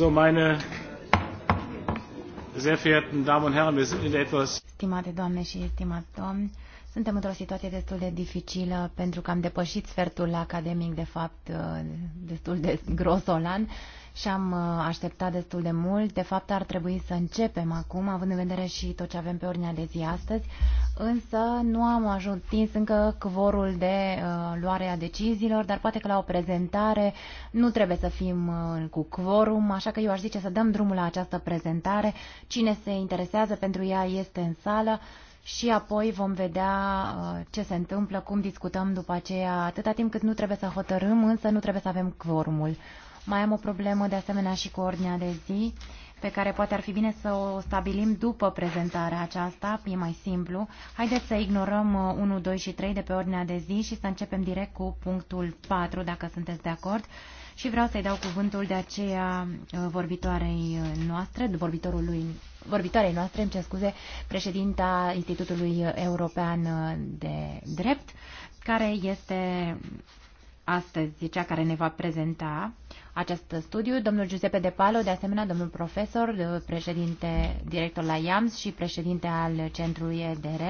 meine sehr verehrten Damen und Herren, wir sind in etwas... Stimate doamne și stimați domni, suntem într-o situație destul de dificilă pentru că am depășit sfertul academic, de fapt, uh, destul de grosolan și am uh, așteptat destul de mult. De fapt, ar trebui să începem acum, având în vedere și tot ce avem pe ordinea de zi astăzi, însă nu am ajuns încă cvorul de uh, luare a deciziilor, dar poate că la o prezentare nu trebuie să fim uh, cu cvorum, așa că eu aș zice să dăm drumul la această prezentare. Cine se interesează pentru ea este în sală și apoi vom vedea uh, ce se întâmplă, cum discutăm după aceea, atâta timp cât nu trebuie să hotărâm, însă nu trebuie să avem quorumul. Mai am o problemă de asemenea și cu ordinea de zi, pe care poate ar fi bine să o stabilim după prezentarea aceasta, e mai simplu. Haideți să ignorăm 1, uh, 2 și 3 de pe ordinea de zi și să începem direct cu punctul 4, dacă sunteți de acord. Și vreau să-i dau cuvântul de aceea uh, vorbitoarei uh, noastre, vorbitorului, vorbitoarei noastre, îmi cer scuze, președinta Institutului European de Drept, care este astăzi cea care ne va prezenta acest studiu. Domnul Giuseppe De Palo, de asemenea, domnul profesor, președinte director la IAMS și președinte al Centrului EDR,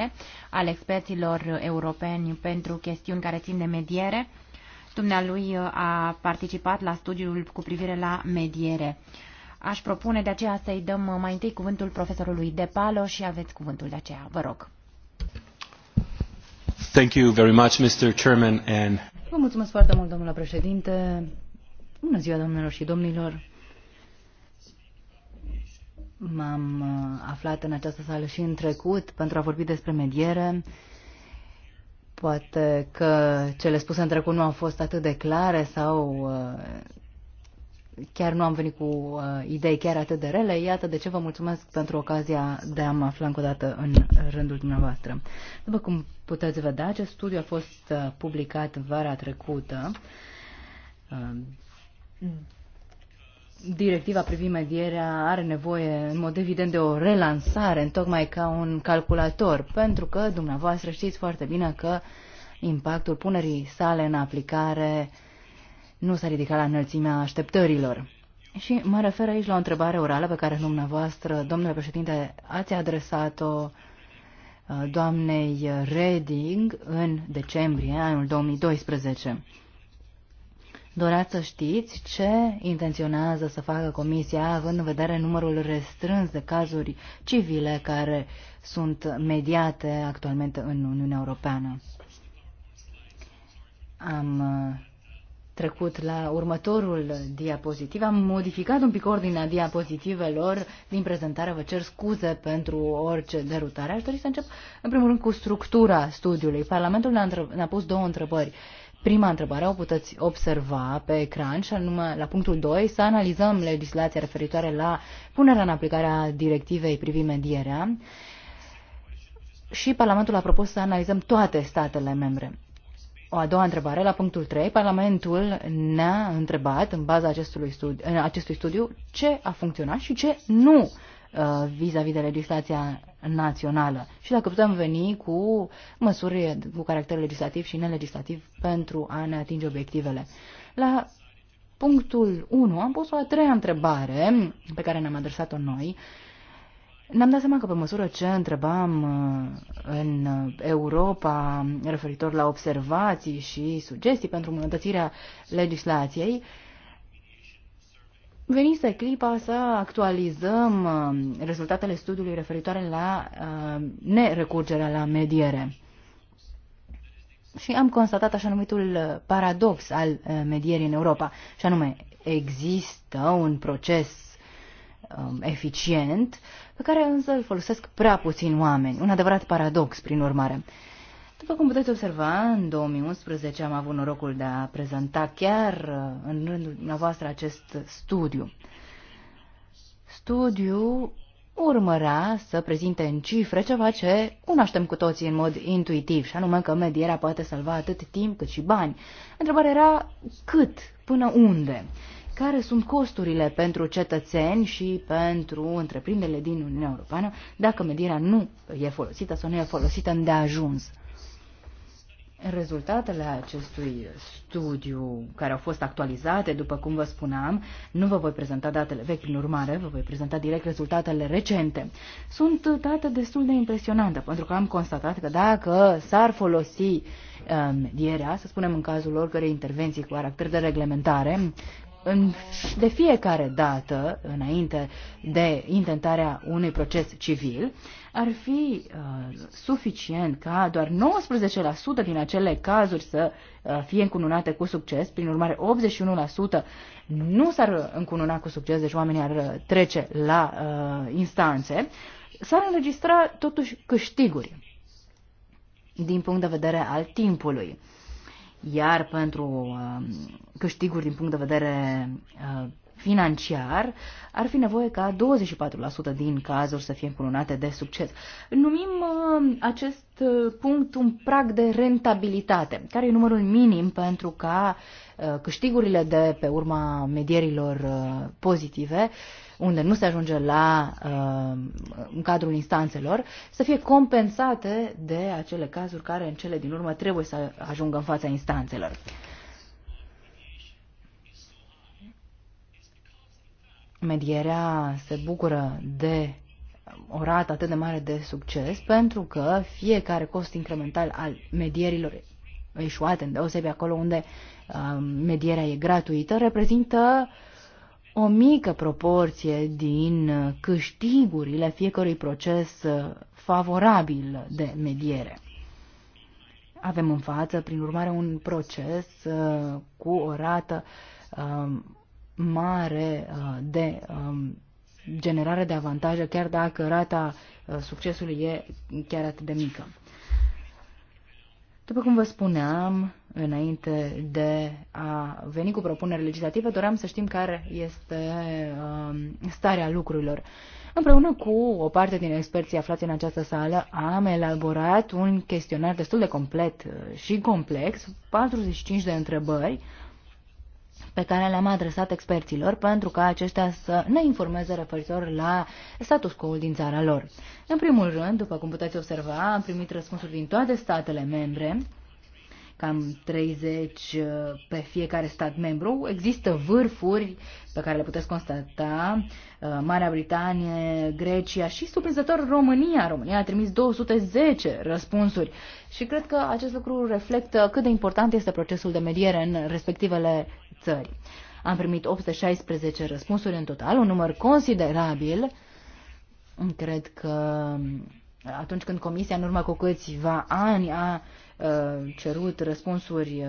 al experților europeni pentru chestiuni care țin de mediere. Dumnealui uh, a participat la studiul cu privire la mediere. Aș propune de aceea să-i dăm uh, mai întâi cuvântul profesorului De Palo și aveți cuvântul de aceea. Vă rog. Thank you very much, Mr. Chairman, and... Vă mulțumesc foarte mult, domnule președinte, Bună ziua, domnilor și domnilor! M-am uh, aflat în această sală și în trecut pentru a vorbi despre mediere. Poate că cele spuse în trecut nu au fost atât de clare sau uh, chiar nu am venit cu uh, idei chiar atât de rele. Iată de ce vă mulțumesc pentru ocazia de a mă afla încă o dată în rândul dumneavoastră. După cum puteți vedea, acest studiu a fost publicat vara trecută Directiva privind medierea are nevoie, în mod evident, de o relansare, tocmai ca un calculator, pentru că dumneavoastră știți foarte bine că impactul punerii sale în aplicare nu s-a ridicat la înălțimea așteptărilor. Și mă refer aici la o întrebare orală pe care dumneavoastră, domnule președinte, ați adresat-o uh, doamnei Reding în decembrie anul 2012. Doreați să știți ce intenționează să facă Comisia, având în vedere numărul restrâns de cazuri civile care sunt mediate actualmente în Uniunea Europeană. Am uh, trecut la următorul diapozitiv. Am modificat un pic ordinea diapozitivelor din prezentare. Vă cer scuze pentru orice derutare. Aș dori să încep, în primul rând, cu structura studiului. Parlamentul ne-a, ne pus două întrebări Prima întrebare o puteți observa pe ecran și anume la punctul 2 să analizăm legislația referitoare la punerea în aplicare a directivei privind medierea și Parlamentul a propus să analizăm toate statele membre. O a doua întrebare, la punctul 3, Parlamentul ne-a întrebat, în baza acestui studiu, acestui studiu, ce a funcționat și ce nu uh, vis-a-vis -vis de legislația națională și dacă putem veni cu măsuri cu caracter legislativ și nelegislativ pentru a ne atinge obiectivele. La punctul 1 am pus o a treia întrebare pe care ne-am adresat-o noi. Ne-am dat seama că pe măsură ce întrebam uh, în Europa referitor la observații și sugestii pentru îmbunătățirea legislației, venise clipa să actualizăm uh, rezultatele studiului referitoare la uh, nerecurgerea la mediere. Și am constatat așa numitul uh, paradox al medierii în Europa, și anume există un proces um, eficient, pe care însă îl folosesc prea puțin oameni. Un adevărat paradox, prin urmare. După cum puteți observa, în 2011 am avut norocul de a prezenta chiar uh, în rândul dumneavoastră acest studiu. Studiu urmărea să prezinte în cifre ceva ce cunoaștem cu toții în mod intuitiv, și anume că medierea poate salva atât timp cât și bani. Întrebarea era cât, până unde, care sunt costurile pentru cetățeni și pentru întreprinderile din Uniunea Europeană dacă medierea nu e folosită sau nu e folosită îndeajuns. Rezultatele acestui studiu, care au fost actualizate, după cum vă spuneam, nu vă voi prezenta datele vechi, în urmare, vă voi prezenta direct rezultatele recente. Sunt date destul de impresionante, pentru că am constatat că dacă s-ar folosi medierea, um, să spunem în cazul oricărei intervenții cu caracter de reglementare, în, de fiecare dată, înainte de intentarea unui proces civil, ar fi uh, suficient ca doar 19% din acele cazuri să uh, fie încununate cu succes, prin urmare 81% nu s-ar încununa cu succes, deci oamenii ar uh, trece la uh, instanțe, s-ar înregistra totuși câștiguri din punct de vedere al timpului. Uh, iar pentru um, câștiguri din punct de vedere uh, financiar, ar fi nevoie ca 24% din cazuri să fie încununate de succes. Numim um, acest uh, punct un prag de rentabilitate, care e numărul minim pentru ca uh, câștigurile de pe urma medierilor pozitive unde nu se ajunge la uh, în cadrul instanțelor, să fie compensate de acele cazuri care în cele din urmă trebuie să ajungă în fața instanțelor. Medierea se bucură de o rată atât de mare de succes pentru că fiecare cost incremental al medierilor eșuate, deosebi acolo unde uh, medierea e gratuită, reprezintă uh, o mică proporție din uh, câștigurile fiecărui proces uh, favorabil de mediere. Avem în față, prin urmare, un proces uh, cu o rată um, mare de um, generare de avantaje, chiar dacă rata succesului e chiar atât de mică. După cum vă spuneam, înainte de a veni cu propuneri legislative, doream să știm care este um, starea lucrurilor. Împreună cu o parte din experții aflați în această sală, am elaborat un chestionar destul de complet uh, și complex, 45 de întrebări, pe care le-am adresat experților pentru ca aceștia să ne informeze referitor la status quo-ul din țara lor. În primul rând, după cum puteți observa, am primit răspunsuri din toate statele membre, cam 30 uh, pe fiecare stat membru. Există vârfuri pe care le puteți constata, uh, Marea Britanie, Grecia și, surprinzător, România. România a trimis 210 răspunsuri și cred că acest lucru reflectă cât de important este procesul de mediere în respectivele țări. Am primit 816 răspunsuri în total, un număr considerabil. Cred că um, atunci când Comisia, în urma cu câțiva ani, a uh, cerut răspunsuri uh,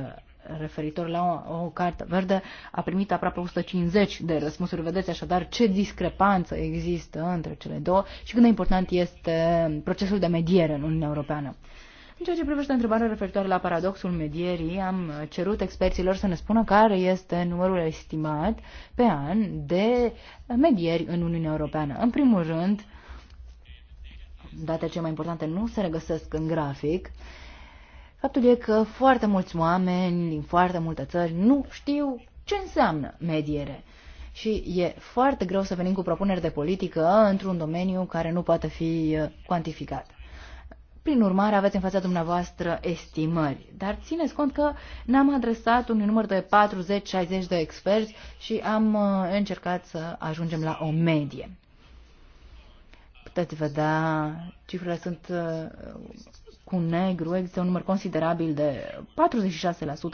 referitor la o, o carte verde, a primit aproape 150 de răspunsuri. Vedeți așadar ce discrepanță există între cele două și cât de important este procesul de mediere în Uniunea Europeană. În ceea ce privește întrebarea referitoare la paradoxul medierii, am cerut experților să ne spună care este numărul estimat pe an de medieri în Uniunea Europeană. În primul rând, date cele mai importante nu se regăsesc în grafic, faptul e că foarte mulți oameni din foarte multe țări nu știu ce înseamnă mediere. Și e foarte greu să venim cu propuneri de politică într-un domeniu care nu poate fi uh, cuantificat. Prin urmare, aveți în fața dumneavoastră estimări, dar țineți cont că ne-am adresat un număr de 40-60 de experți și am uh, încercat să ajungem la o medie. Puteți vedea, cifrele sunt uh, cu negru, există un număr considerabil de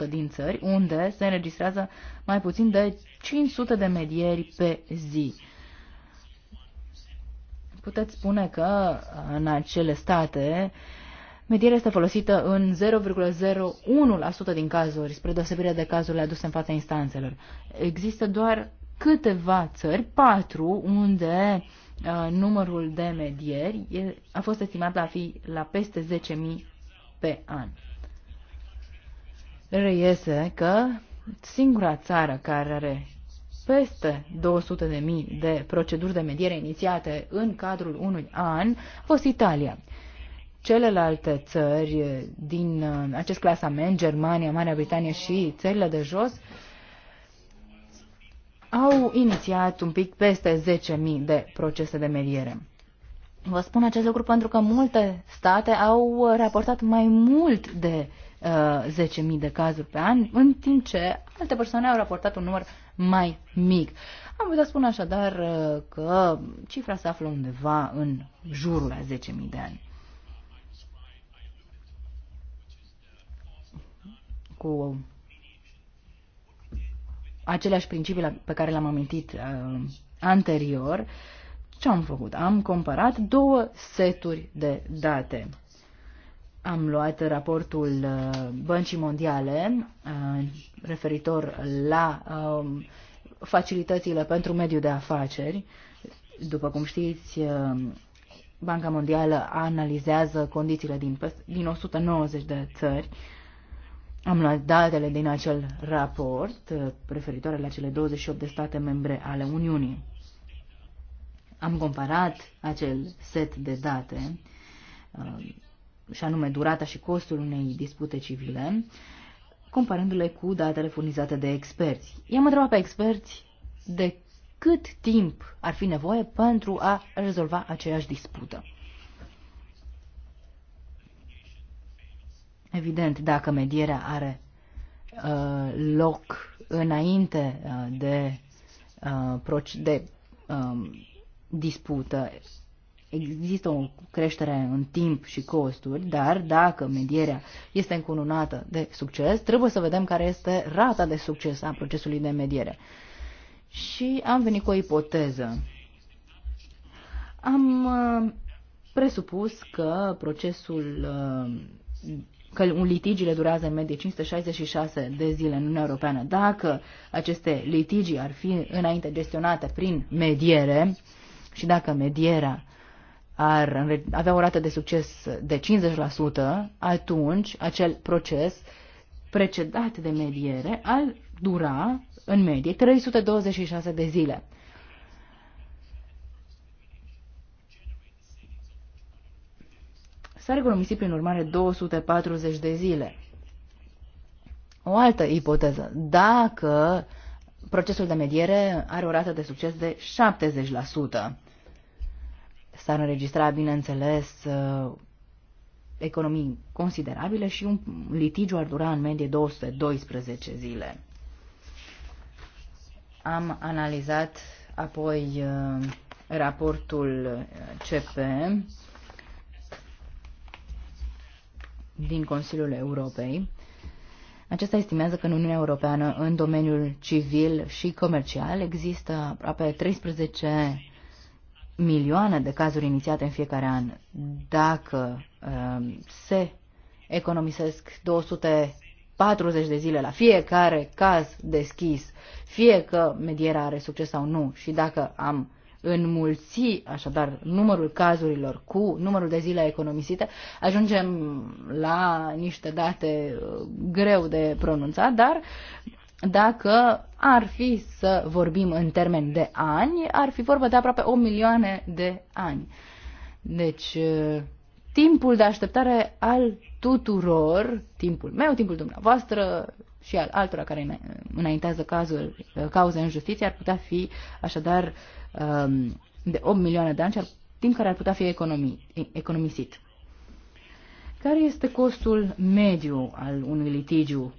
46% din țări unde se înregistrează mai puțin de 500 de medieri pe zi puteți spune că în acele state medierea este folosită în 0,01% din cazuri, spre deosebire de cazurile aduse în fața instanțelor. Există doar câteva țări, patru, unde uh, numărul de medieri e, a fost estimat la fi la peste 10.000 pe an. Reiese că singura țară care are peste 200.000 de proceduri de mediere inițiate în cadrul unui an a fost Italia. Celelalte țări din uh, acest clasament, Germania, Marea Britanie și țările de jos, au inițiat un pic peste 10.000 de procese de mediere. Vă spun acest lucru pentru că multe state au raportat mai mult de uh, 10.000 de cazuri pe an, în timp ce alte persoane au raportat un număr mai mic. Am putea spune așadar uh, că cifra se află undeva în jurul a 10.000 de ani. Cu aceleași principii pe care le-am amintit uh, anterior, ce am făcut? Am comparat două seturi de date am luat raportul uh, Băncii Mondiale uh, referitor la um, facilitățile pentru mediul de afaceri. După cum știți, uh, Banca Mondială analizează condițiile din, din 190 de țări. Am luat datele din acel raport referitoare la cele 28 de state membre ale Uniunii. Am comparat acel set de date și anume durata și costul unei dispute civile, comparându-le cu datele furnizate de experți. I-am întrebat pe experți de cât timp ar fi nevoie pentru a rezolva aceeași dispută. Evident, dacă medierea are uh, loc înainte uh, de, uh, de uh, dispută, există o creștere în timp și costuri, dar dacă medierea este încununată de succes, trebuie să vedem care este rata de succes a procesului de mediere. Și am venit cu o ipoteză. Am uh, presupus că procesul, uh, că un litigiile durează în medie 566 de zile în Uniunea Europeană. Dacă aceste litigii ar fi înainte gestionate prin mediere și dacă medierea ar avea o rată de succes de 50%, atunci acel proces precedat de mediere ar dura în medie 326 de zile. S-ar economisi prin urmare 240 de zile. O altă ipoteză. Dacă procesul de mediere are o rată de succes de 70%, S-ar înregistra, bineînțeles, uh, economii considerabile și un litigiu ar dura în medie 212 zile. Am analizat apoi uh, raportul CP din Consiliul Europei. Acesta estimează că în Uniunea Europeană, în domeniul civil și comercial, există aproape 13 milioane de cazuri inițiate în fiecare an, dacă uh, se economisesc 240 de zile la fiecare caz deschis, fie că medierea are succes sau nu, și dacă am înmulți așadar numărul cazurilor cu numărul de zile economisite, ajungem la niște date uh, greu de pronunțat, dar dacă ar fi să vorbim în termen de ani, ar fi vorba de aproape 8 milioane de ani. Deci, uh, timpul de așteptare al tuturor, timpul meu, timpul dumneavoastră și al altora care înaintează cazul, uh, cauze în justiție, ar putea fi așadar um, de 8 milioane de ani, timp care ar putea fi economi, economisit. Care este costul mediu al unui litigiu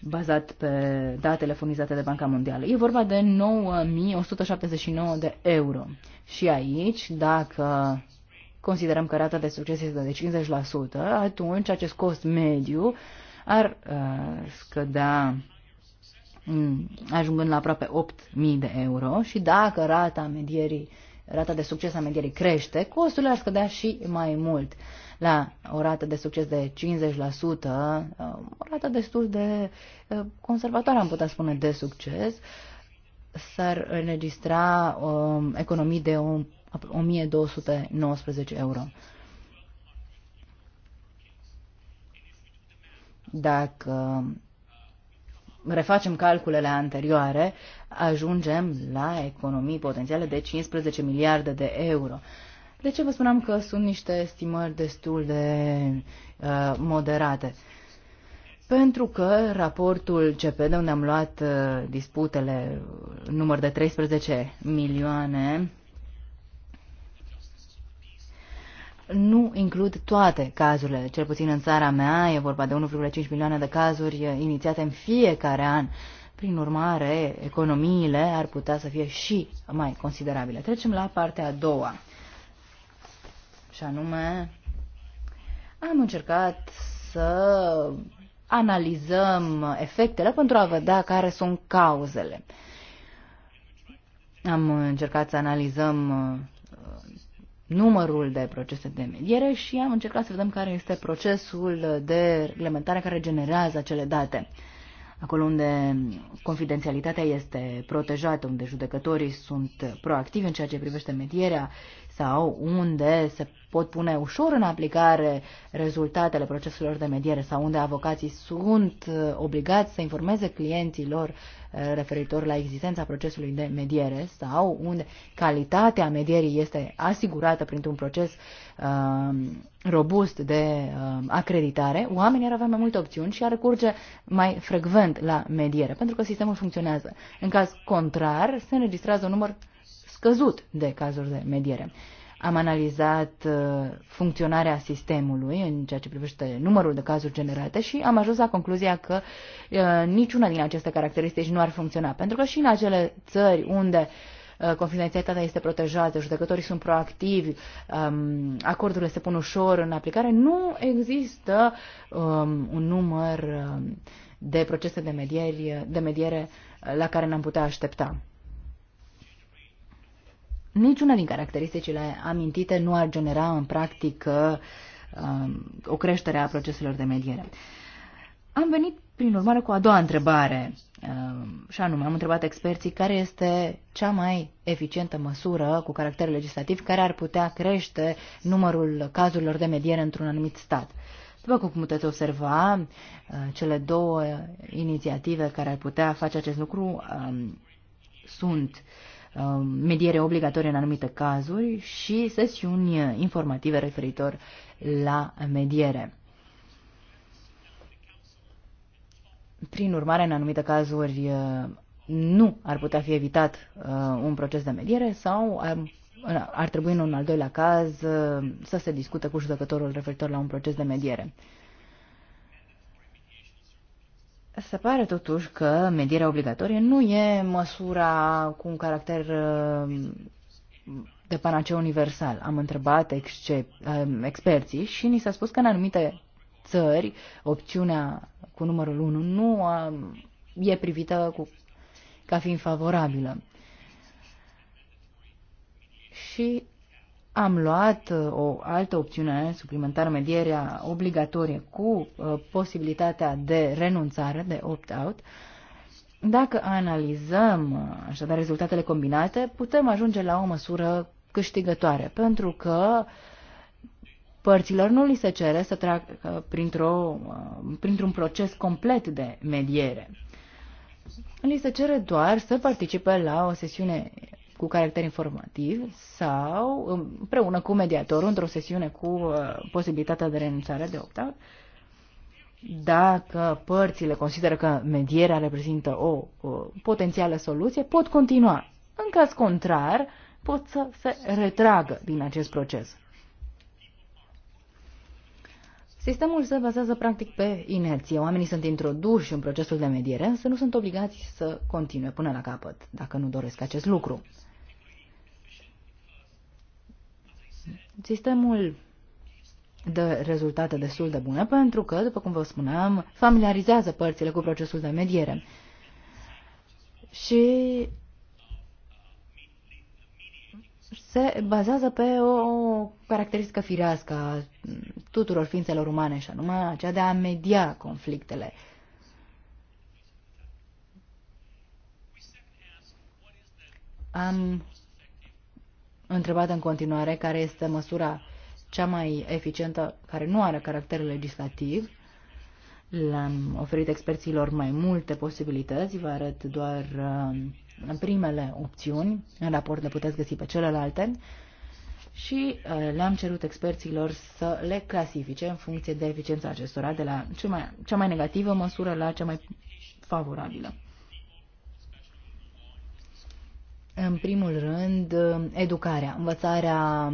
bazat pe datele furnizate de Banca Mondială. E vorba de 9.179 de euro. Și aici, dacă considerăm că rata de succes este de 50%, atunci acest cost mediu ar uh, scădea mm, ajungând la aproape 8.000 de euro și dacă rata medierii rata de succes a medierii crește, costurile ar scădea și mai mult. La o rată de succes de 50%, um, o rată destul de uh, conservatoare, am putea spune, de succes, s-ar înregistra um, economii de 1219 euro. Dacă refacem calculele anterioare, ajungem la economii potențiale de 15 miliarde de euro. De ce vă spuneam că sunt niște estimări destul de uh, moderate? Pentru că raportul CP, de unde am luat uh, disputele, număr de 13 milioane, nu includ toate cazurile. Cel puțin în țara mea e vorba de 1,5 milioane de cazuri inițiate în fiecare an. Prin urmare, economiile ar putea să fie și mai considerabile. Trecem la partea a doua. Și anume, am încercat să analizăm efectele pentru a vedea care sunt cauzele. Am încercat să analizăm numărul de procese de mediere și am încercat să vedem care este procesul de reglementare care generează acele date. Acolo unde confidențialitatea este protejată, unde judecătorii sunt proactivi în ceea ce privește medierea sau unde se pot pune ușor în aplicare rezultatele proceselor de mediere sau unde avocații sunt obligați să informeze clienții lor referitor la existența procesului de mediere sau unde calitatea medierii este asigurată printr-un proces um, robust de um, acreditare, oamenii ar avea mai multe opțiuni și ar recurge mai frecvent la mediere, pentru că sistemul funcționează. În caz contrar, se înregistrează un număr scăzut de cazuri de mediere. Am analizat uh, funcționarea sistemului în ceea ce privește numărul de cazuri generate și am ajuns la concluzia că uh, niciuna din aceste caracteristici nu ar funcționa. Pentru că și în acele țări unde uh, confidențialitatea este protejată, judecătorii sunt proactivi, um, acordurile se pun ușor în aplicare, nu există um, un număr um, de procese de, medieri, de mediere la care ne-am putea aștepta niciuna din caracteristicile amintite nu ar genera în practică um, o creștere a proceselor de mediere. Am venit, prin urmare, cu a doua întrebare, um, și anume, am întrebat experții care este cea mai eficientă măsură cu caracter legislativ care ar putea crește numărul cazurilor de mediere într-un anumit stat. După cum puteți observa, uh, cele două inițiative care ar putea face acest lucru um, sunt Um, mediere obligatorie în anumite cazuri și sesiuni informative referitor la mediere. Prin urmare, în anumite cazuri uh, nu ar putea fi evitat uh, un proces de mediere sau ar trebui în un al doilea caz uh, să se discute cu judecătorul referitor la un proces de mediere. Se pare totuși că medierea obligatorie nu e măsura cu un caracter uh, de panaceu universal. Am întrebat excep, uh, experții și ni s-a spus că în anumite țări opțiunea cu numărul 1 nu uh, e privită cu, ca fiind favorabilă. Și am luat uh, o altă opțiune suplimentară, medierea obligatorie cu uh, posibilitatea de renunțare, de opt-out. Dacă analizăm uh, așadar rezultatele combinate, putem ajunge la o măsură câștigătoare, pentru că părților nu li se cere să treacă printr printr-un proces complet de mediere. Li se cere doar să participe la o sesiune cu caracter informativ sau um, împreună cu mediatorul într-o sesiune cu uh, posibilitatea de renunțare de opt-out, dacă părțile consideră că medierea reprezintă o, o potențială soluție, pot continua. În caz contrar, pot să se retragă din acest proces. Sistemul se bazează practic pe inerție. Oamenii sunt introduși în procesul de mediere, însă nu sunt obligați să continue până la capăt, dacă nu doresc acest lucru. Sistemul dă rezultate destul de bune pentru că, după cum vă spuneam, familiarizează părțile cu procesul de mediere. Și se bazează pe o caracteristică firească a tuturor ființelor umane, și anume aceea de a media conflictele. Am întrebat în continuare care este măsura cea mai eficientă care nu are caracter legislativ. Le-am oferit experților mai multe posibilități, vă arăt doar uh, primele opțiuni, în raport le puteți găsi pe celelalte și uh, le-am cerut experților să le clasifice în funcție de eficiența acestora, de la cea mai, cea mai negativă măsură la cea mai favorabilă. În primul rând, educarea, învățarea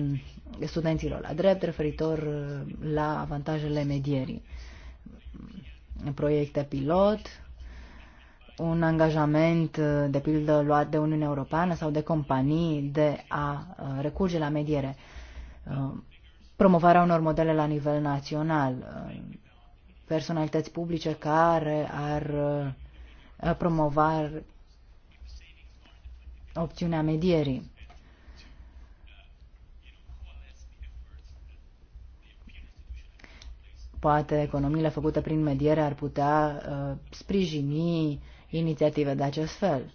studenților la drept referitor la avantajele medierii. Proiecte pilot, un angajament, de pildă, luat de Uniunea Europeană sau de companii de a uh, recurge la mediere. Uh, promovarea unor modele la nivel național. Uh, personalități publice care ar promova opțiunea medierii. Poate economiile făcute prin mediere ar putea uh, sprijini inițiative de acest fel.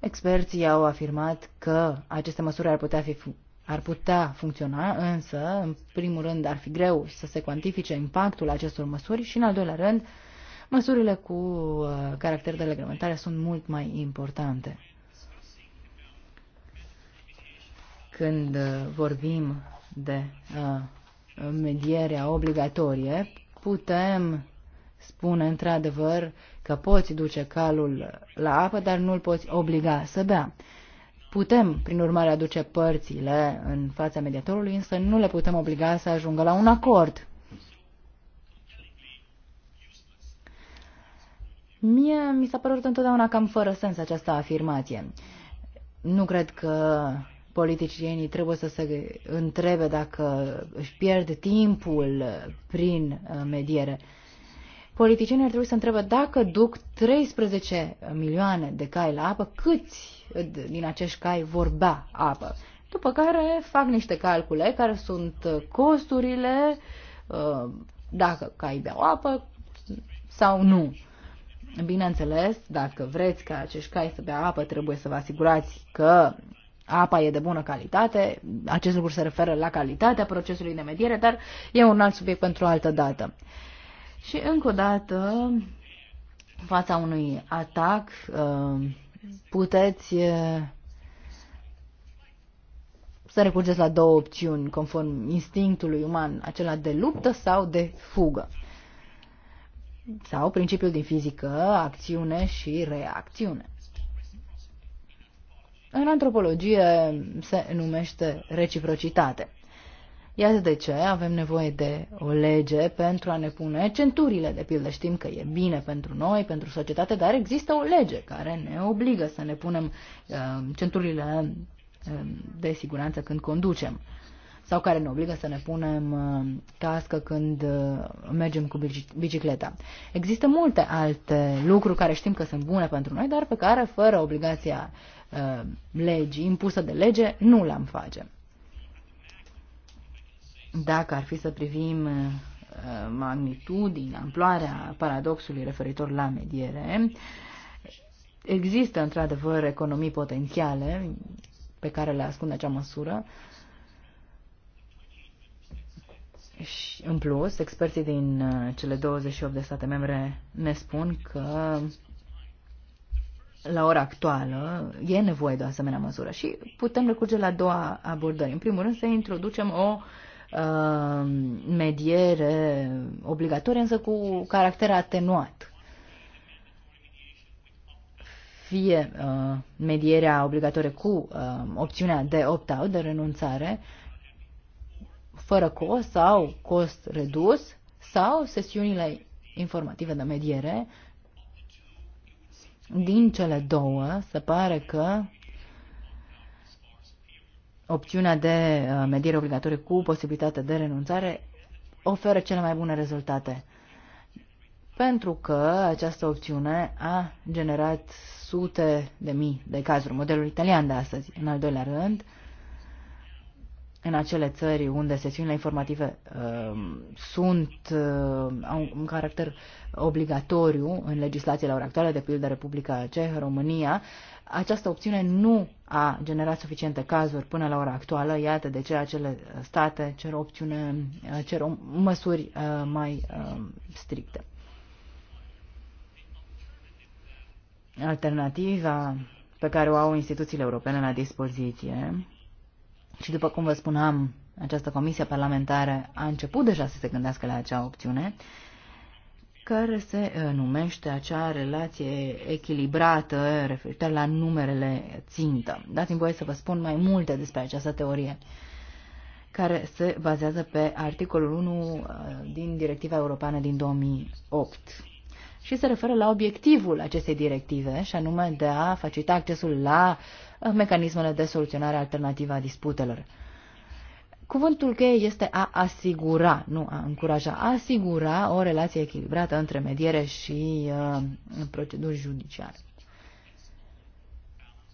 Experții au afirmat că aceste măsuri ar putea, fi, ar putea funcționa, însă, în primul rând, ar fi greu să se cuantifice impactul acestor măsuri și, în al doilea rând, măsurile cu uh, caracter de reglementare sunt mult mai importante. când uh, vorbim de uh, medierea obligatorie, putem spune într-adevăr că poți duce calul la apă, dar nu-l poți obliga să bea. Putem, prin urmare, aduce părțile în fața mediatorului, însă nu le putem obliga să ajungă la un acord. Mie mi s-a părut întotdeauna cam fără sens această afirmație. Nu cred că politicienii trebuie să se întrebe dacă își pierd timpul prin uh, mediere. Politicienii ar trebui să întrebe dacă duc 13 milioane de cai la apă, câți din acești cai vor bea apă. După care fac niște calcule care sunt costurile, uh, dacă cai beau apă sau nu. Bineînțeles, dacă vreți ca acești cai să bea apă, trebuie să vă asigurați că apa e de bună calitate, acest lucru se referă la calitatea procesului de mediere, dar e un alt subiect pentru o altă dată. Și încă o dată, în fața unui atac, uh, puteți uh, să recurgeți la două opțiuni, conform instinctului uman, acela de luptă sau de fugă. Sau principiul din fizică, acțiune și reacțiune. În antropologie se numește reciprocitate. Iată de ce avem nevoie de o lege pentru a ne pune centurile, de pildă. Știm că e bine pentru noi, pentru societate, dar există o lege care ne obligă să ne punem uh, centurile uh, de siguranță când conducem sau care ne obligă să ne punem uh, cască când uh, mergem cu bicicleta. Există multe alte lucruri care știm că sunt bune pentru noi, dar pe care, fără obligația uh, legii, impusă de lege, nu le-am face. Dacă ar fi să privim magnitudinea, amploarea paradoxului referitor la mediere, există într-adevăr economii potențiale pe care le ascunde acea măsură, și, în plus, experții din uh, cele 28 de state membre ne spun că la ora actuală e nevoie de o asemenea măsură și putem recurge la două abordări. În primul rând să introducem o uh, mediere obligatorie, însă cu caracter atenuat. Fie uh, medierea obligatorie cu uh, opțiunea de opt-out, de renunțare, uh, fără cost sau cost redus, sau sesiunile informative de mediere. Din cele două, se pare că opțiunea de uh, mediere obligatorie cu posibilitate de renunțare oferă cele mai bune rezultate. Pentru că această opțiune a generat sute de mii de cazuri, modelul italian de astăzi. În al doilea rând, în acele țări unde sesiunile informative uh, sunt, uh, au un caracter obligatoriu în legislația la ora actuală, de pildă Republica Cehă, România, această opțiune nu a generat suficiente cazuri până la ora actuală, iată de ce acele state cer, opțiune, uh, cer o, măsuri uh, mai uh, stricte. Alternativa pe care o au instituțiile europene la dispoziție și după cum vă spuneam, această comisie parlamentară a început deja să se gândească la acea opțiune, care se uh, numește acea relație echilibrată referitor la numerele țintă. Dați-mi voie să vă spun mai multe despre această teorie care se bazează pe articolul 1 uh, din Directiva Europeană din 2008 și se referă la obiectivul acestei directive, și anume de a facilita accesul la mecanismele de soluționare alternativă a disputelor. Cuvântul cheie este a asigura, nu a încuraja, a asigura o relație echilibrată între mediere și uh, proceduri judiciare.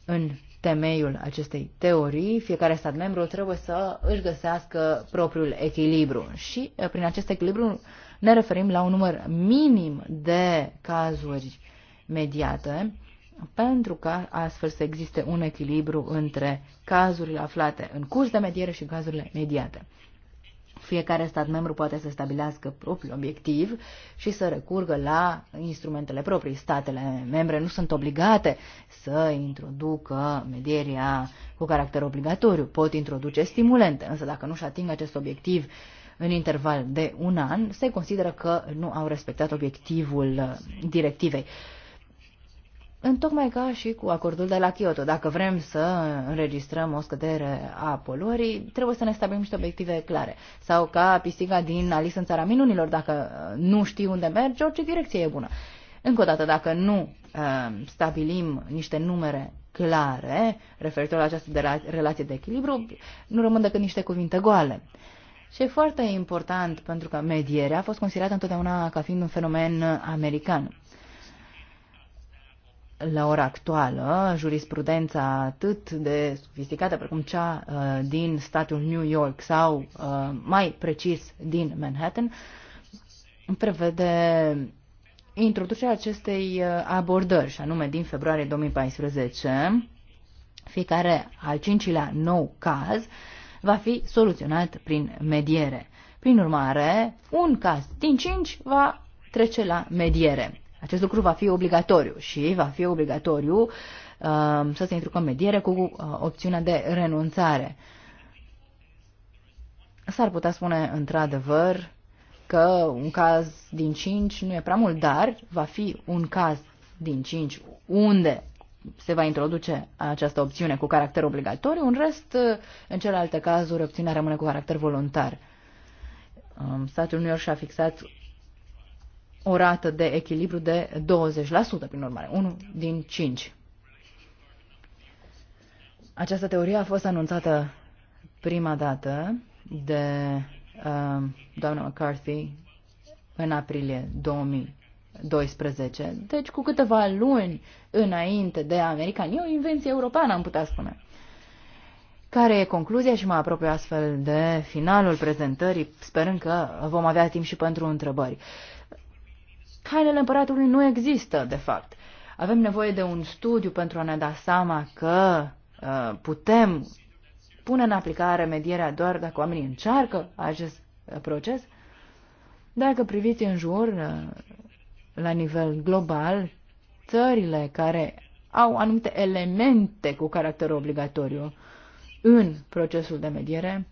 În temeiul acestei teorii, fiecare stat membru trebuie să își găsească propriul echilibru și uh, prin acest echilibru ne referim la un număr minim de cazuri mediate pentru ca astfel să existe un echilibru între cazurile aflate în curs de mediere și cazurile mediate. Fiecare stat membru poate să stabilească propriul obiectiv și să recurgă la instrumentele proprii. Statele membre nu sunt obligate să introducă medieria cu caracter obligatoriu. Pot introduce stimulente, însă dacă nu-și ating acest obiectiv în interval de un an, se consideră că nu au respectat obiectivul directivei. Întocmai ca și cu acordul de la Kyoto, dacă vrem să înregistrăm o scădere a poluării, trebuie să ne stabilim niște obiective clare. Sau ca pisica din Alice în țara minunilor, dacă uh, nu știi unde mergi, orice direcție e bună. Încă o dată, dacă nu uh, stabilim niște numere clare referitor la această de la, relație de echilibru, nu rămân decât niște cuvinte goale. Și e foarte important pentru că medierea a fost considerată întotdeauna ca fiind un fenomen uh, american la ora actuală, jurisprudența atât de sofisticată precum cea uh, din statul New York sau uh, mai precis din Manhattan prevede introducerea acestei uh, abordări și anume din februarie 2014 fiecare al cincilea nou caz va fi soluționat prin mediere. Prin urmare, un caz din cinci va trece la mediere. Acest lucru va fi obligatoriu și va fi obligatoriu uh, să se introducă în mediere cu uh, opțiunea de renunțare. S-ar putea spune într-adevăr că un caz din 5 nu e prea mult, dar va fi un caz din 5 unde se va introduce această opțiune cu caracter obligatoriu, în rest, în celelalte cazuri, opțiunea rămâne cu caracter voluntar. Um, statul New York și-a fixat o rată de echilibru de 20%, prin urmare, 1 din 5. Această teorie a fost anunțată prima dată de uh, doamna McCarthy în aprilie 2012, deci cu câteva luni înainte de americani. E o invenție europeană, am putea spune. Care e concluzia și mă apropiu astfel de finalul prezentării, sperând că vom avea timp și pentru întrebări. Hainele împăratului nu există, de fapt. Avem nevoie de un studiu pentru a ne da seama că uh, putem pune în aplicare medierea doar dacă oamenii încearcă acest uh, proces. Dacă priviți în jur, uh, la nivel global, țările care au anumite elemente cu caracter obligatoriu în procesul de mediere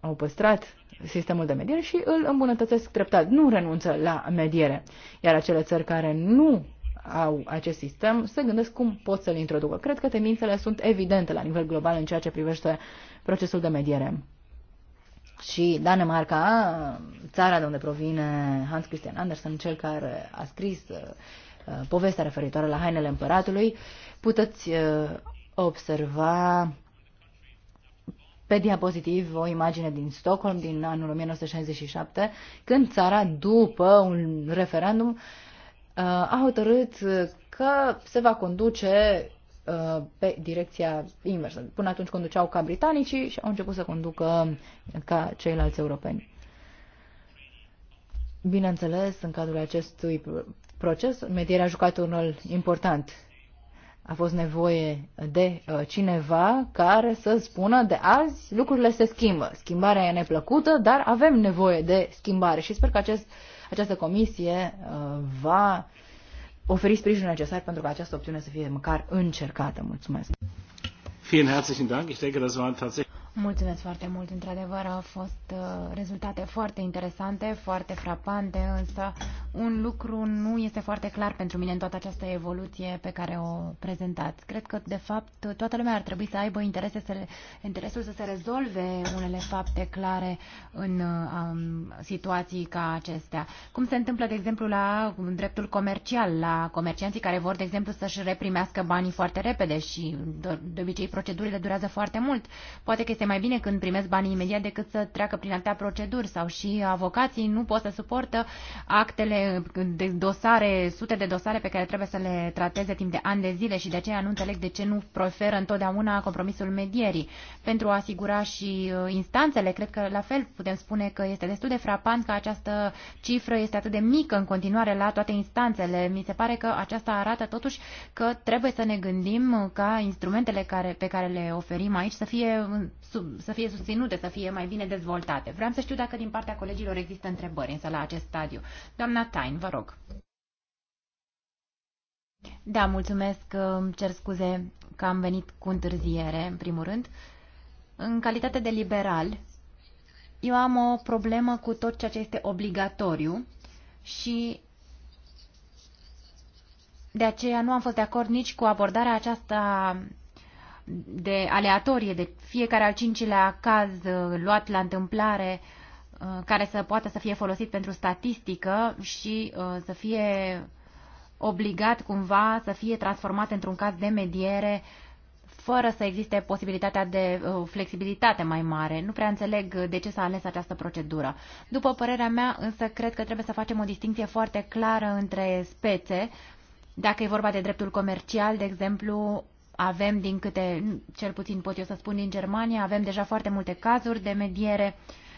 au păstrat sistemul de mediere și îl îmbunătățesc treptat, nu renunță la mediere. Iar acele țări care nu au acest sistem, se gândesc cum pot să-l introducă. Cred că tendințele sunt evidente la nivel global în ceea ce privește procesul de mediere. Și Danemarca, țara de unde provine Hans Christian Andersen, cel care a scris uh, povestea referitoare la hainele împăratului, puteți uh, observa pe diapozitiv o imagine din Stockholm din anul 1967, când țara, după un referendum, uh, a hotărât că se va conduce uh, pe direcția inversă. Până atunci conduceau ca britanicii și au început să conducă ca ceilalți europeni. Bineînțeles, în cadrul acestui proces, medierea a jucat un rol important. A fost nevoie de uh, cineva care să spună de azi lucrurile se schimbă. Schimbarea e neplăcută, dar avem nevoie de schimbare și sper că acest, această comisie uh, va oferi sprijinul necesar pentru ca această opțiune să fie măcar încercată. Mulțumesc! Vielen herzlichen Dank. Ich denke, das war tatsächlich Mulțumesc foarte mult, într-adevăr au fost uh, rezultate foarte interesante, foarte frapante, însă un lucru nu este foarte clar pentru mine în toată această evoluție pe care o prezentați. Cred că, de fapt, toată lumea ar trebui să aibă interese să, interesul să se rezolve unele fapte clare în um, situații ca acestea. Cum se întâmplă, de exemplu, la dreptul comercial, la comercianții care vor, de exemplu, să-și reprimească banii foarte repede și, de obicei, procedurile durează foarte mult. Poate că este mai bine când primesc banii imediat decât să treacă prin atâtea proceduri sau și avocații nu pot să suportă actele de dosare, sute de dosare pe care trebuie să le trateze timp de ani de zile și de aceea nu înțeleg de ce nu proferă întotdeauna compromisul medierii. Pentru a asigura și uh, instanțele, cred că la fel putem spune că este destul de frapant că această cifră este atât de mică în continuare la toate instanțele. Mi se pare că aceasta arată totuși că trebuie să ne gândim ca instrumentele care, pe care le oferim aici să fie sub, să fie susținute, să fie mai bine dezvoltate. Vreau să știu dacă din partea colegilor există întrebări însă la acest stadiu. Doamna Tain, vă rog. Da, mulțumesc, cer scuze că am venit cu întârziere, în primul rând. În calitate de liberal, eu am o problemă cu tot ceea ce este obligatoriu și de aceea nu am fost de acord nici cu abordarea aceasta de aleatorie de fiecare al cincilea caz uh, luat la întâmplare uh, care să poată să fie folosit pentru statistică și uh, să fie obligat cumva să fie transformat într-un caz de mediere fără să existe posibilitatea de flexibilitate mai mare. Nu prea înțeleg de ce s-a ales această procedură. După părerea mea, însă, cred că trebuie să facem o distinție foarte clară între spețe. Dacă e vorba de dreptul comercial, de exemplu, avem, din câte, cel puțin pot eu să spun, din Germania, avem deja foarte multe cazuri de mediere.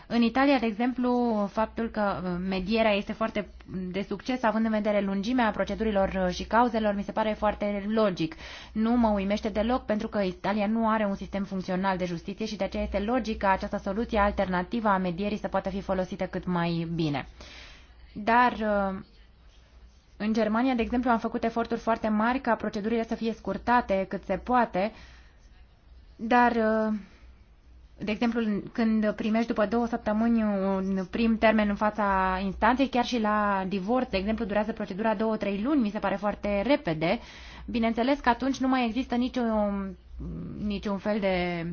În Italia, de exemplu, faptul că uh, medierea este foarte de succes, având în vedere lungimea procedurilor uh, și cauzelor, mi se pare foarte logic. Nu mă uimește deloc pentru că Italia nu are un sistem funcțional de justiție și de aceea este logic ca această soluție alternativă a medierii să poată fi folosită cât mai bine. Dar uh, în Germania, de exemplu, am făcut eforturi foarte mari ca procedurile să fie scurtate cât se poate, dar, de exemplu, când primești după două săptămâni un prim termen în fața instanței, chiar și la divorț, de exemplu, durează procedura două-trei luni, mi se pare foarte repede. Bineînțeles că atunci nu mai există niciun, niciun fel de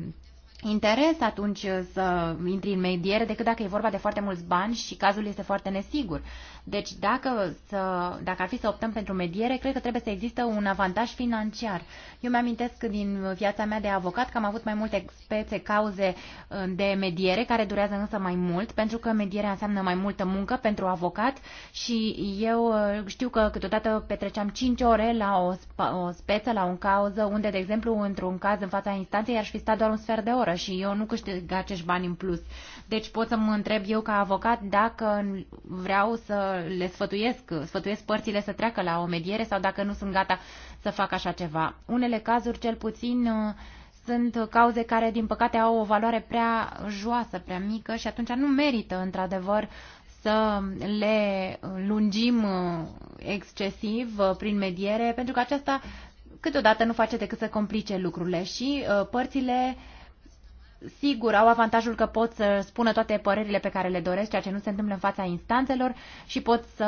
interes atunci să intri în mediere decât dacă e vorba de foarte mulți bani și cazul este foarte nesigur. Deci dacă, să, dacă ar fi să optăm pentru mediere, cred că trebuie să există un avantaj financiar. Eu mi-amintesc din viața mea de avocat că am avut mai multe spețe, cauze uh, de mediere, care durează însă mai mult, pentru că medierea înseamnă mai multă muncă pentru avocat și eu uh, știu că câteodată petreceam 5 ore la o, o speță, la o cauză, unde, de exemplu, într-un caz în fața instanței ar fi stat doar un sfert de oră și eu nu câștig acești bani în plus. Deci pot să mă întreb eu ca avocat dacă vreau să le sfătuiesc, sfătuiesc părțile să treacă la o mediere sau dacă nu sunt gata să facă așa ceva. Unele cazuri, cel puțin, uh, sunt cauze care, din păcate, au o valoare prea joasă, prea mică și atunci nu merită, într-adevăr, să le lungim uh, excesiv uh, prin mediere, pentru că aceasta câteodată nu face decât să complice lucrurile și părțile uh, sigur au avantajul că pot să spună toate părerile pe care le doresc, ceea ce nu se întâmplă în fața instanțelor și pot să,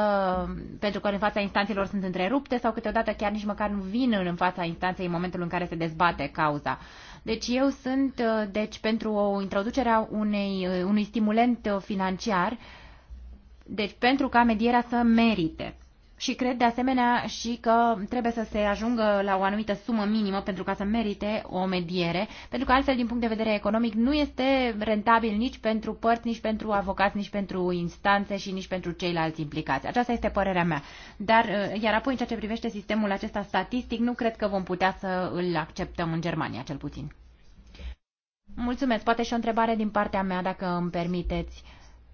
pentru că în fața instanțelor sunt întrerupte sau câteodată chiar nici măcar nu vin în fața instanței în momentul în care se dezbate cauza. Deci eu sunt uh, deci, pentru o introducerea unei, uh, unui stimulent uh, financiar, deci pentru ca medierea să merite și cred de asemenea și că trebuie să se ajungă la o anumită sumă minimă pentru ca să merite o mediere, pentru că altfel din punct de vedere economic nu este rentabil nici pentru părți, nici pentru avocați, nici pentru instanțe și nici pentru ceilalți implicați. Aceasta este părerea mea. Dar uh, iar apoi în ceea ce privește sistemul acesta statistic, nu cred că vom putea să îl acceptăm în Germania cel puțin. Mulțumesc. Poate și o întrebare din partea mea, dacă îmi permiteți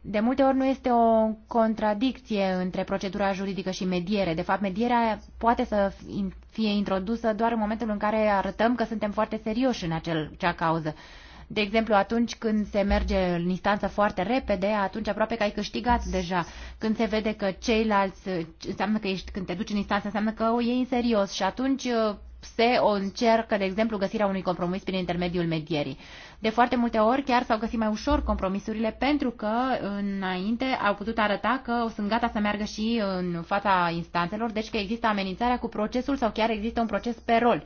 de multe ori nu este o contradicție între procedura juridică și mediere. De fapt, medierea poate să fie introdusă doar în momentul în care arătăm că suntem foarte serioși în acea cauză. De exemplu, atunci când se merge în instanță foarte repede, atunci aproape că ai câștigat deja. Când se vede că ceilalți, înseamnă că ești, când te duci în instanță, înseamnă că o iei în serios și atunci uh, se o încercă, de exemplu, găsirea unui compromis prin intermediul medierii. De foarte multe ori chiar s-au găsit mai ușor compromisurile pentru că înainte au putut arăta că sunt gata să meargă și în fața instanțelor, deci că există amenințarea cu procesul sau chiar există un proces pe rol.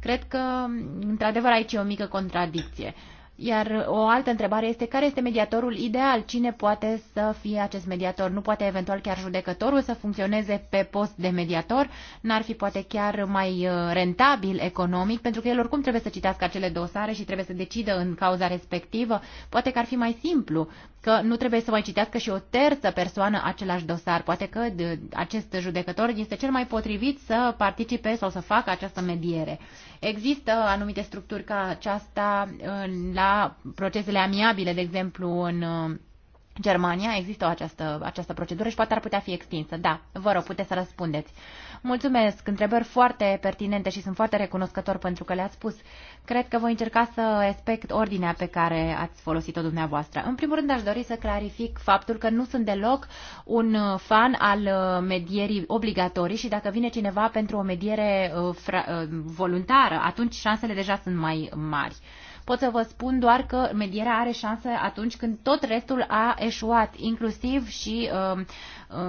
Cred că, într-adevăr, aici e o mică contradicție. Iar o altă întrebare este care este mediatorul ideal? Cine poate să fie acest mediator? Nu poate eventual chiar judecătorul să funcționeze pe post de mediator? N-ar fi poate chiar mai uh, rentabil economic? Pentru că el oricum trebuie să citească acele dosare și trebuie să decidă în cauza respectivă. Poate că ar fi mai simplu că nu trebuie să mai citească și o terță persoană același dosar. Poate că uh, acest judecător este cel mai potrivit să participe sau să facă această mediere. Există anumite structuri ca aceasta la procesele amiabile, de exemplu, în uh, Germania. Există această, această procedură și poate ar putea fi extinsă. Da, vă rog, puteți să răspundeți. Mulțumesc, întrebări foarte pertinente și sunt foarte recunoscător pentru că le-ați spus. Cred că voi încerca să respect ordinea pe care ați folosit-o dumneavoastră. În primul rând aș dori să clarific faptul că nu sunt deloc un fan al uh, medierii obligatorii și dacă vine cineva pentru o mediere uh, uh, voluntară, atunci șansele deja sunt mai mari pot să vă spun doar că medierea are șansă atunci când tot restul a eșuat, inclusiv și uh, uh,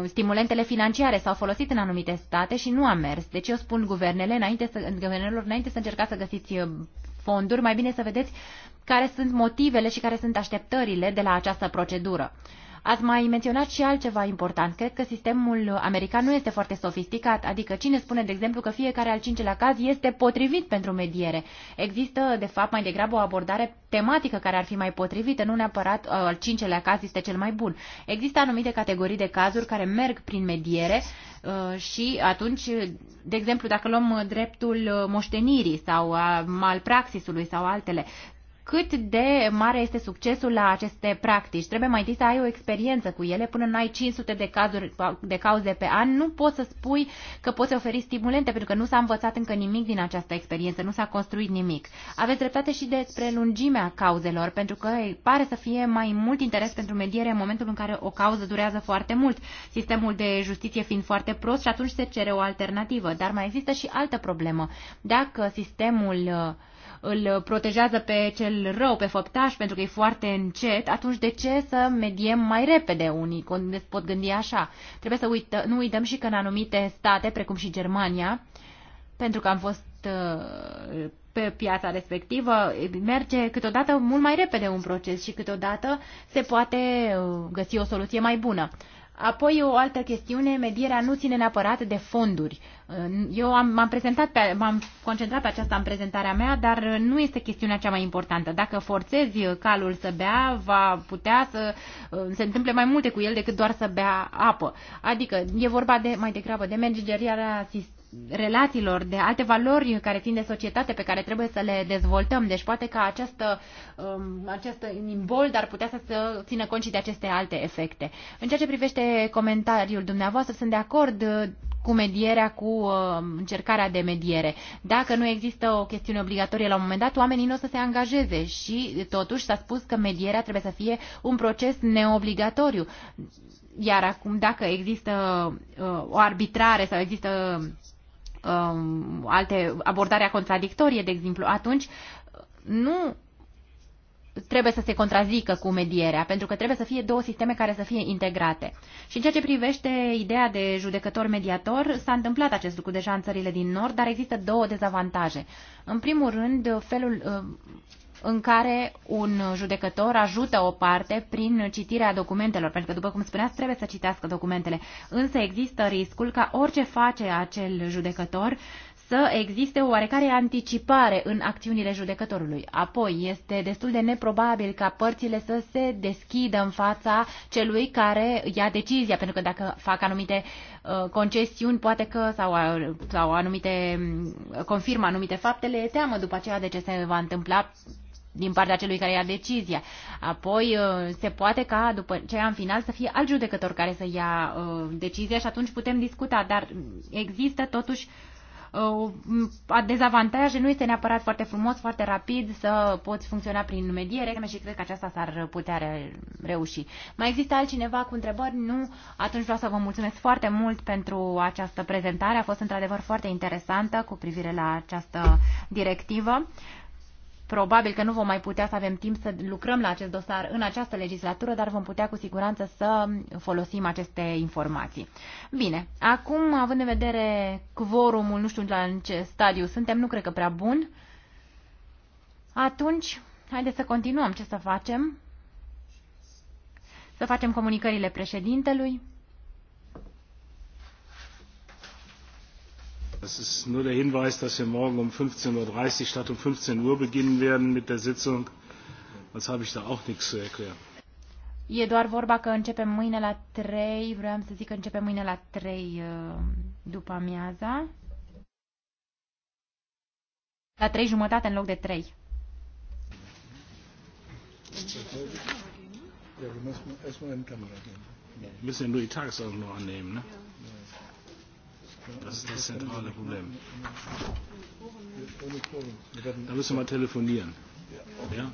stimulentele financiare s-au folosit în anumite state și nu a mers. Deci eu spun guvernele, înainte să, guvernelor, înainte să încercați să găsiți uh, fonduri, mai bine să vedeți care sunt motivele și care sunt așteptările de la această procedură. Ați mai menționat și altceva important. Cred că sistemul american nu este foarte sofisticat, adică cine spune, de exemplu, că fiecare al cincilea caz este potrivit pentru mediere. Există, de fapt, mai degrabă o abordare tematică care ar fi mai potrivită, nu neapărat uh, al cincelea caz este cel mai bun. Există anumite categorii de cazuri care merg prin mediere uh, și atunci, de exemplu, dacă luăm dreptul moștenirii sau a malpraxisului sau altele, cât de mare este succesul la aceste practici. Trebuie mai întâi să ai o experiență cu ele. Până n-ai 500 de, cazuri, de cauze pe an, nu poți să spui că poți oferi stimulente, pentru că nu s-a învățat încă nimic din această experiență, nu s-a construit nimic. Aveți dreptate și despre lungimea cauzelor, pentru că pare să fie mai mult interes pentru mediere în momentul în care o cauză durează foarte mult, sistemul de justiție fiind foarte prost și atunci se cere o alternativă. Dar mai există și altă problemă. Dacă sistemul uh, îl protejează pe cel rău, pe făptaș, pentru că e foarte încet, atunci de ce să mediem mai repede unii? Când pot gândi așa. Trebuie să uită, nu uităm și că în anumite state, precum și Germania, pentru că am fost uh, pe piața respectivă, merge câteodată mult mai repede un proces și câteodată se poate uh, găsi o soluție mai bună. Apoi o altă chestiune, medierea nu ține neapărat de fonduri. Eu am, m-am prezentat pe, m-am concentrat pe aceasta în prezentarea mea, dar nu este chestiunea cea mai importantă. Dacă forțezi calul să bea, va putea să uh, se întâmple mai multe cu el decât doar să bea apă. Adică e vorba de mai degrabă de manageria relațiilor, de alte valori care țin de societate pe care trebuie să le dezvoltăm. Deci poate că această, um, această imbol dar putea să, să țină cont și de aceste alte efecte. În ceea ce privește comentariul dumneavoastră, sunt de acord uh, cu medierea, cu uh, încercarea de mediere. Dacă nu există o chestiune obligatorie la un moment dat, oamenii nu o să se angajeze și totuși s-a spus că medierea trebuie să fie un proces neobligatoriu. Iar acum, dacă există uh, o arbitrare sau există uh, alte abordarea contradictorie, de exemplu, atunci nu trebuie să se contrazică cu medierea, pentru că trebuie să fie două sisteme care să fie integrate. Și în ceea ce privește ideea de judecător-mediator, s-a întâmplat acest lucru deja în țările din Nord, dar există două dezavantaje. În primul rând, felul uh, în care un judecător ajută o parte prin citirea documentelor, pentru că, după cum spuneați, trebuie să citească documentele. Însă există riscul ca orice face acel judecător să existe o oarecare anticipare în acțiunile judecătorului. Apoi, este destul de neprobabil ca părțile să se deschidă în fața celui care ia decizia, pentru că dacă fac anumite uh, concesiuni, poate că, sau, uh, sau anumite, mm, confirmă anumite fapte, le teamă după aceea de ce se va întâmpla din partea celui care ia decizia. Apoi uh, se poate ca după ce în final să fie alt judecător care să ia decizia și atunci putem discuta, dar mm, există totuși uh, dezavantaje nu este neapărat foarte frumos, foarte rapid să poți funcționa prin mediere și cred că aceasta s-ar putea re reuși. Mai există altcineva cu întrebări? Nu? Atunci vreau să vă mulțumesc foarte mult pentru această prezentare. A fost într-adevăr foarte interesantă cu privire la această directivă. Probabil că nu vom mai putea să avem timp să lucrăm la acest dosar în această legislatură, dar vom putea cu siguranță să folosim aceste informații. Bine, acum, având în vedere quorumul, nu știu la în ce stadiu suntem, nu cred că prea bun, atunci, haideți să continuăm. Ce să facem? Să facem comunicările președintelui. Das ist nur der Hinweis, dass wir morgen um 15.30 Uhr statt um 15 Uhr beginnen werden mit der Sitzung. Sonst habe ich da auch nichts zu erklären. E doar vorba că începem mâine la 3, vreau să zic că începem mâine la 3 uh, după amiaza. La 3 jumătate în loc de 3. Ja, wir müssen erstmal in Kamera gehen. Wir müssen nur die Tagesordnung annehmen, ne? Das ist das zentrale hm. Problem. Hm. Hm. Da müssen wir mal telefonieren. Ja?